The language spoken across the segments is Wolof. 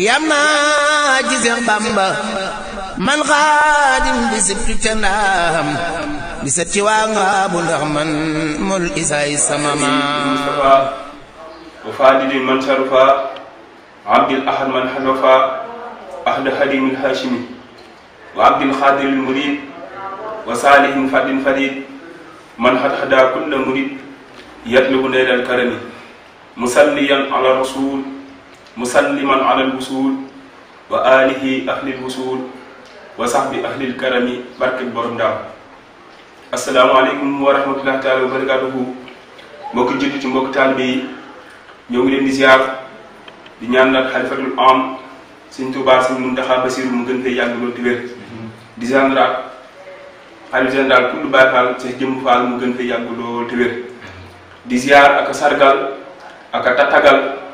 يا ما جزم بامبا من غادم بسبت كنام بسبت وانغاب الرحمن مل إزاي سماما وفادد من شرفا عبد الأحد من حنفا أحد حليم الهاشمي وعبد الخادم المريد وصالح فرد فريد من حد حدا كل مريد يطلب ليل الكرم مسليا على رسول musalliman ala alwusul wa alihi ahlil wusul wa sahbi ahlil karami barkeb borom ndaam asalaamaaleykum wa rahmatullahi taala wa barakatuhu mbokki jullit ci mbokki taalibe yi ñoo ngi leen di ziar di xalifatul am suñ Tuubaa suñ Muntaxa Basiru mu mu gën fee yàgg loolu mhm. di wér mhm. di sargal ak tatagal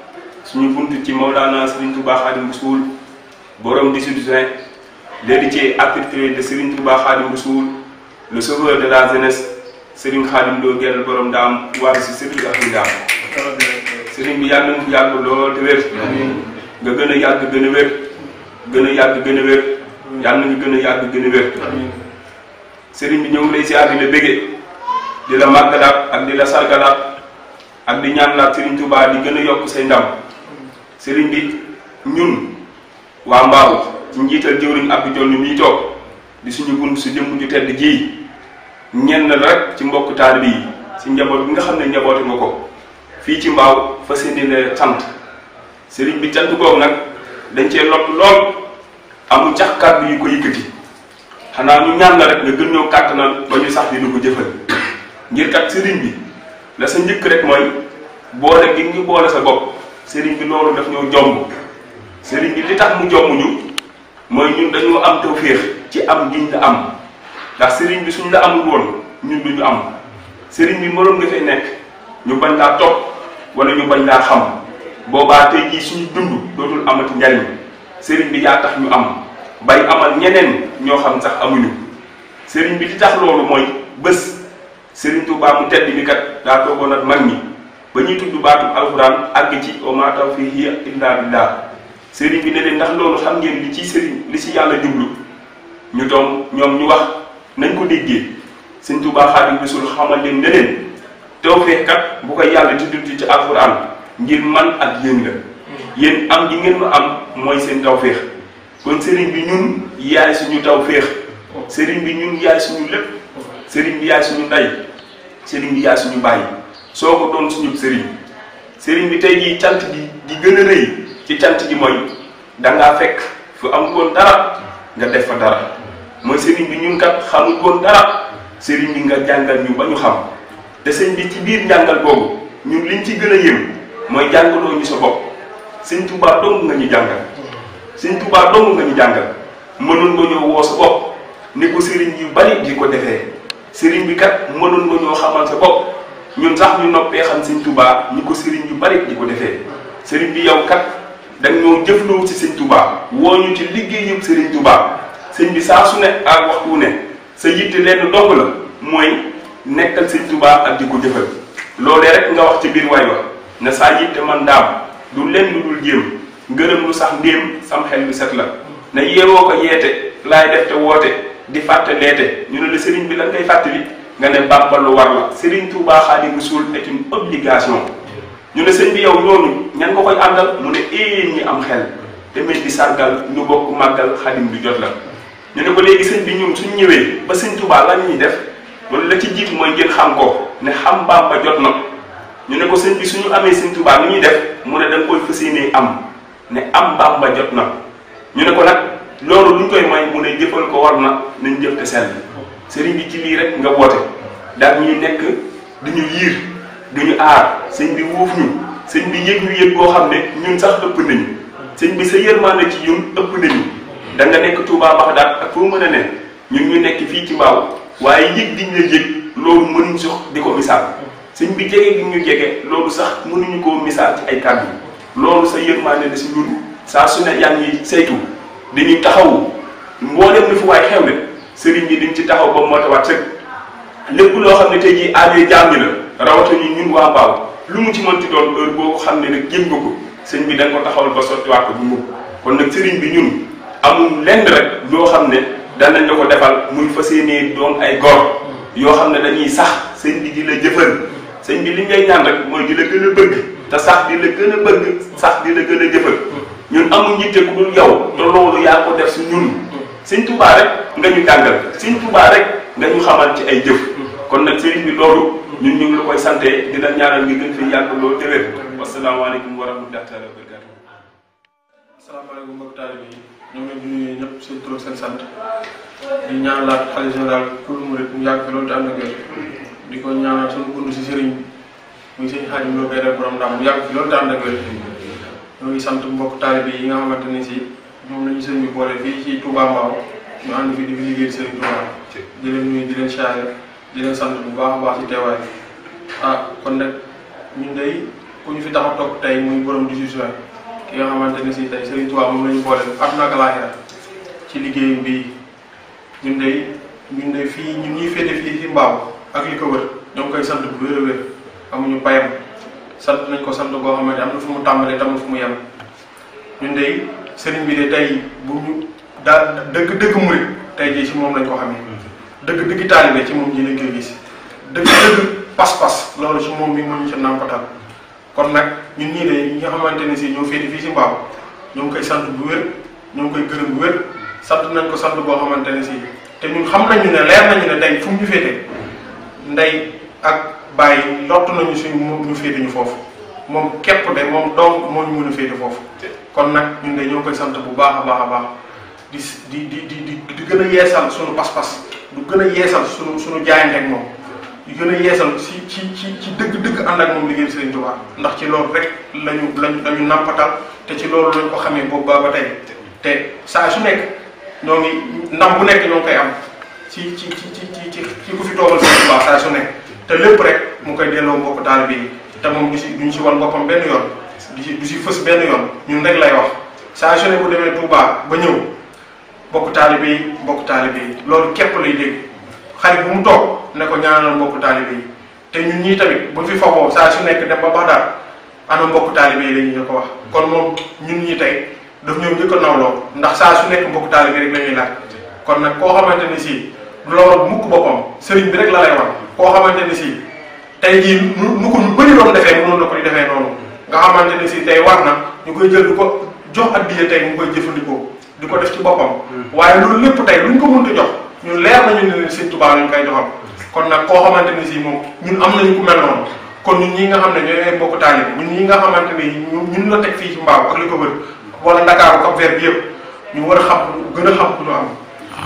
ñu bunt ci Mawlana Serigne Touba Khadim Rassoul borom 18 juin l'héritier attitré de Serigne Touba Khadim Rassoul le sauveur de la jeunesse Serigne Khadim Lo Guel borom daam waa si Serigne ak daam Serigne bi yàlla na yàgg lool te wér. nga gën a yàgg gën a wér. gën a yàgg gën a wér. yàlla na nga gën a yàgg gën a wér. Serigne bi ñoo ngi lay ziar di la bëggee di la màggalaat ak di la sargalaat ak di ñaanalaat Serigne Touba di gën a yokk say ndam. sëriñ bi ñun waa Mbaaw ci njiital jëwriñ Abdou Diol mi toog di suñu bunt su jëmm ju tedd ji ñenn la rek ci mbokk taalibe bi si njaboot bi nga xam ne njabootu nga ko fii ci Mbaaw fa seeni ne sant sëriñ bi cant boobu nag dañ cee lott lool amu cax kàddu yu ko yëkkati xanaa ñu ñaan la rek nga gën ñoo kàttanal ba ñu sax di du ko jëfal ngir kat sëriñ bi la sa njëkk rek mooy boole gi ngi boole sa bopp sëriñ bi loolu daf ñoo jomb sëriñ bi di tax mu jomb ñu mooy ñun dañoo am tawféex ci am giñ la am ndax sëriñ bi suñ la amul woon ñun duñu am sëriñ bi mënoon defee nekk ñu bañ laa topp wala ñu bañ laa xam boobaa tey jii suñu dund dootul amati njariñ sëriñ bi yaa tax ñu am bay amal ñeneen ñoo xam sax amuñu sëriñ bi li tax loolu mooy bës sëriñ Tuubaa mu tedd bi kat daa toogoon ak mag ñi ba ñuy tudd baatu alxuraan àgg ci wa maa tawfiiqi illaa billaah sëriñ bi ne leen ndax loolu xam ngeen li ci sëriñ li ci yàlla jublu ñu doom ñoom ñu wax nañ ko déggee sëñ Tuubaa Xaadimu Rasuul xamal leen ne leen tawfeex kat bu ko yàlla di tudd ci alxuraan ngir man ak yéen la yéen am gi ngeen ma am mooy seen tawfeex kon sëriñ bi ñun yaay suñu tawfeex sëriñ bi ñun yaay suñu lépp bi yaay suñu ndey sëriñ bi yaay suñu bàyyi soo ko doon suñu sëriñ sëriñ bi tey jii cant gi di gën a rëy ci cant gi mooy da ngaa fekk fu am koon dara nga def fa dara mooy sëriñ bi ñun kat xamul koon dara sëriñ bi nga jàngal ñu ba ñu xam te sëñ bi ci biir njàngal boobu ñun liñ ci gën a yëm mooy jàngaloo ñu sa bopp sëñ Tuubaa dong nga ñu jàngal sëñ Tuubaa dong nga ñu jàngal mënoon nga ñëw woo sa bopp ni ko sëriñ yu bari di ko defee sëriñ bi kat mënoon nga ñoo xamal sa bopp ñun sax ñu noppee xam sëñ Touba ñu ko sëriñ yu bari di ko defee sëriñ bi yow kat dañ ñoo jëfloo ci sëñ Touba woo ñu ci liggéey yëpp sëriñ Touba sëñ bi saa su ne ak waxtu ne sa yitte lenn dong la mooy nekkal sëñ Touba ak di ko jëfal loolee rek nga wax ci biir way wa ne saa yitte man daam du lenn lu dul jéem ngërëm lu sax ndéem sam xel lu set la na yeewoo ko yeete laay def te woote di fàttaleete ñu ne la sëriñ bi lan ngay fàttali nga ne Bàmba lu war la Serigne Touba Xaadimu Rasuul est une obligation ñu ne sëñ bi yow ñooñu ñan nga koy àndal mu ne éeyéen eh, ñi am xel demeen di sargal ñu bokk màggal xadim du jot la ñu ne ko léegi sëñ bi ñun suñ ñëwee ba sëñ Touba lan ñuy def loolu la ci jiitu mooy ngeen xam ko ne xam Bàmba jot na ñu ne ko sëñ suñu amee sëñ Touba lu def mu ne da nga koy fas am ne am Bàmba jot na ñu ne ko nag loolu luñ koy may mu ne jëfal ko war na nañ jëf te sell sëriñ bi ci rek nga woote daal ñu nekk duñu yiir duñu aar sëñ bi wóof ñu sëñ bi yëg ñu yëg koo xam ne ñun sax ëpp nañu sëñ bi sa yërmaande ci ñun ëpp nañu da nga nekk tuubaa Baxdaat ak foo mën a ne ñun ñu nekk fii ci mbaaw waaye yëg diñ la yëg loolu mënuñ sox di ko misaal sëñ bi jege gi ñu jege loolu sax mënuñu koo misaal ci ay kàddu loolu sa yërmaande la si ñun saa su ne yaa yi saytu dañuy taxawu mboolem lu fi waay xew de sëriñ bi dañ ci taxaw ba mootawaat sëg lépp loo xam ne tey jii aajo jàmbi la rawata ñu ñun waa mbaaw lu mu ci mënti doon heure boo ko xam ne nag jéem ko sëñ bi da ko taxawal ba sottiwaat bu mu kon nag sëriñ bi ñun amul lenn rek xam ne danañ la ko defal muy fas yéenee doon ay góor yoo xam ne dañuy sax sëñ bi di la jëfal sëñ bi li ngay ñaan mooy di gën a bëgg te sax di la gën a bëgg sax di la gën a jëfal ñun amul njitte ku dul yow te loolu yaa ko def si ñun seigne Touba rek nga ñu tangal seigne Touba rek nga ñu xamal ci ay jëf mm. kon nak sëriñ bi lolu mm. ñun ñu ngi la koy santee dina ñaanal ngi gën fi yag loolu te mm. assalamu alaykum wa rahmatullahi wa barakatu asalaamaaleykum mbokk taalibe yi ñu nuyu ñëpp seen tur seen sante di ñaanal laat xale général pour mu rek mu yag loolu te am gër di ko ñaanal suñu gund ci sëriñ muy sëñ hadji loo koy def borom ndam mu yag loolu te am gër ngi sante mbokk talibi yi nga xamanteni ci ñoom lañu sëriñ bi boole fii ci Touba Mbao ñu ànd fi di fi liggéey di leen nuyu di leen siyaare di leen sant bu baax a baax ci teewaay bi ah kon nag ñun day ku ñu fi tax a toog tey muy borom di si ki nga xamante ne si tey sëriñ Touba moom lañu boole àdduna ak ci liggéey bi ñu day ñun day fii ñun ñuy féete fii ci Mbao ak li ko wër ñoo ngi koy sant bu wér a wér amuñu payam sant nañ ko sant xam ne am na fu mu tàmbalee tam na fu mu yem ñun day sëriñ bi de tey bu ñu daal dëgg dëgg murit tey jii ci moom lañ ko xamee mm-hmm. dëgg dëgg taalibe ci moom ji lañ si gis dëgg dëgg pas-pas loolu ci moom mi moo ñu ci nàmpatal kon nag ñu ñii de ñi nga xamante ne sii ñoo féete fii ci mbaaw ñoo ngi koy sant bu wér ñoo ngi koy gërëm bu wér sant nañ ko sant boo xamante ne si te ñun xam nañu ne leer nañu ne day fu mu ñu féete ndey ak bàyyi lott nañu suñu ñu féete ñu foofu moom képp de moom donc moo ñu mën a féete foofu kon nag ñun de ñoo koy sant bu baax a baax a baax di di di di di gën a yeesal suñu pas-pas du gën a yeesal suñu suñu jaayante ak moom di gën a yeesal si ci ci ci dëgg-dëgg ànd moom liggéey Serigne Touba ndax ci loolu rek lañu lañu lañu nàmpatal te ci loolu lañ ko xamee boobu baax ba tey te saa su nekk ñoo ngi ndam bu nekk ñoo koy am ci ci ci ci ci ci ku fi toogal Serigne Touba saa su nekk te lépp rek mu koy delloo mbokk taalibe yi te moom du si duñ si wan boppam benn yoon du si du si fës benn yoon ñun rek lay wax saa su ne bu demee Touba ba ñëw bokk taalibe yi bokk taalibe loolu képp lay dégg xarit bu mu toog ne ko ñaanal mbokk taalibe te ñun ñii tamit bu fi fawoo saa su nekk dem ba Baxdaad ana mbokk taalibe yi la ko wax kon moom ñun ñi tey daf ñëw njëkk a nawloo ndax saa su nekk mbokk taalibe rek la ñuy laaj kon nag koo xamante ni si loolu mukk boppam sëriñ bi rek la lay wax koo xamante ni si tey jii nu ko ñu bëri doon defee mënoon na ko di defee nga xamante ne si tey war na ñu koy jël du ko jox addiya tey mu koy jëfandikoo di ko def ci boppam hmm. waaye loolu lépp tey luñ ko mënta jox ñun leer nañu ne leen sëñ Tuubaa kon nag koo xamante ne si moom ñun am nañu ku mel noonu kon ñun ñi nga xam ne ñooy mbokk taalib ñun ñi nga xamante ne ñun la teg fii ci mbaaw ak li ko wër wala Ndakaaru Cap Vert bi yëpp ñu war a xam gën a xam ku ñu am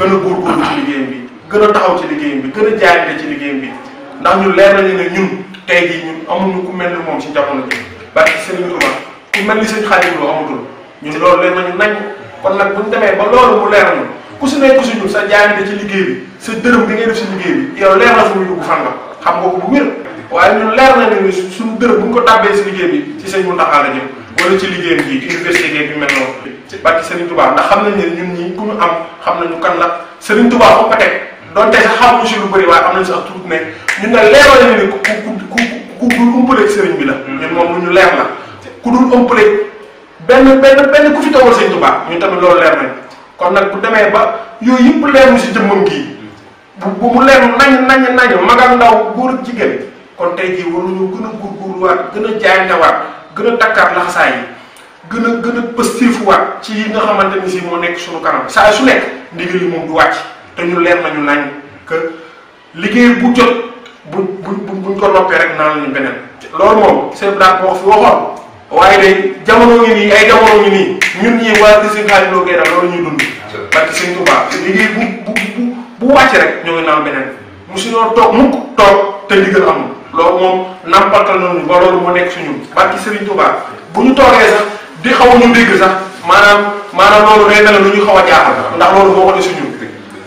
gën a góorgóorlu ci liggéeyam bi gën a taxaw ci liggéey bi gën a jaayante ci liggéey bi ndax ñun leer nañu ne ñun tey jii ñun amuñu ku mel ni moom si jamono ji bari Serigne Touba ku ni Serigne Khadim Lo amatul ñun loolu bu demee ba loolu mu leer ñu ku si nekk sa jaayante ci liggéey bi sa dërëm bi ngay def si yow leer na xam nga ko bu wér waaye ñun leer nañu ne suñu bu ñu ko tàbbee si liggéey bi si sëñ Mountakha la jëm wala ci liggéeyam ji université bi mel noonu bàcc Serigne Touba xam nañ ne ñun ñi ku ñu am xam nañu kan la Serigne Touba foo ko teg donte sax xamuñu ci lu bari way amna ci ak tout ne ñu na leral ni ne ku ku ku dul umpaleeg sëriñ bi la. ñun hmm. mom lu ñu leer la ku dul umpaleeg ben ben ben ku fi toogal serign Tuubaa ñu tamit loolu leer nañ kon nak bu deme ba yoy yep leer si jëmmam gii bu bu mu leer nañ nañ nañ magal ndaw góor ak jigéen kon tey jii waruñu gën a góorgóorluwaat gën a jaayantewaat gën a takkaat laxasaay yi gën gëna gën a pëstifuwaat ci yi nga xamanteni ci mo moo nekk suñu kanam sa su nekk ndigal yi du wacc te ñu leer nañu nañ que liggéey bu jot bu bu buñ ko noppee rek naan lañu beneen. loolu moom seen daal moo fi waxoon waaye day jamono ngi nii ay jamono ngi nii ñun ñii waa di seen xaalis loo loolu ñuy dund. parce que si Tuubaa bu bu bu rek ñoo ngi naan beneen mosuñoo toog mukk te ndigal amul moom nàmpatal nañu ba loolu nekk suñu barki Serigne Touba bu ñu toogee sax di xaw ñu dégg sax maanaam maanaam loolu day mel lu ñu xaw a jaaxal ndax loolu boo ko ne suñu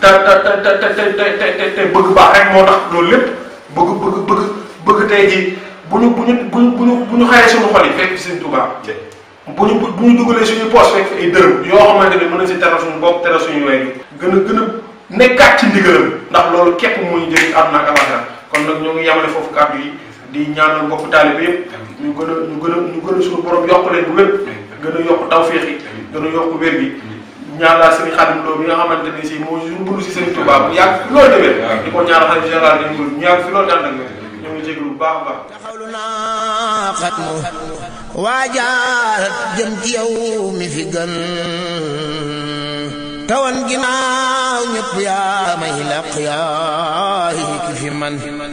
te te te te te te te te te bëgg baax rek moo tax loolu lépp bëgg bëgg bëgg bëgg tey ji bu ñu bu ñu bu ñu bu ñu xayee suñu xol yi fekk sëñ Tuubaa bu ñu bu ñu dugalee suñu poos fekk ay dërëm yoo xamante ne mën na si teral suñu bopp teral suñu way gën a gën a nekkaat ci ndigalam ndax loolu képp mooy njëriñ àdduna ak alaxira kon nag ñoo ngi yemale foofu kàddu yi di ñaanal bopp taalibe yëpp ñu gën a ñu gën a ñu gën a suñu borom yokk leen bu wér gën a yokk tawféex yi gën a yokk wér bi ñaanal sëriñ Xaadim Lo bi nga xamante ni si moo mbiru si sëriñ Touba bu yàgg fi loolu demee di ko ñaanal xalifa général dañ ko ñu yàgg fi loolu daan nag ñu ngi jéglu bu baax a baax taxawlu naa xatmu waajaar jëm ci yow mi fi gën tawan ginaaw ñëpp yaa may laq yaay ki fi man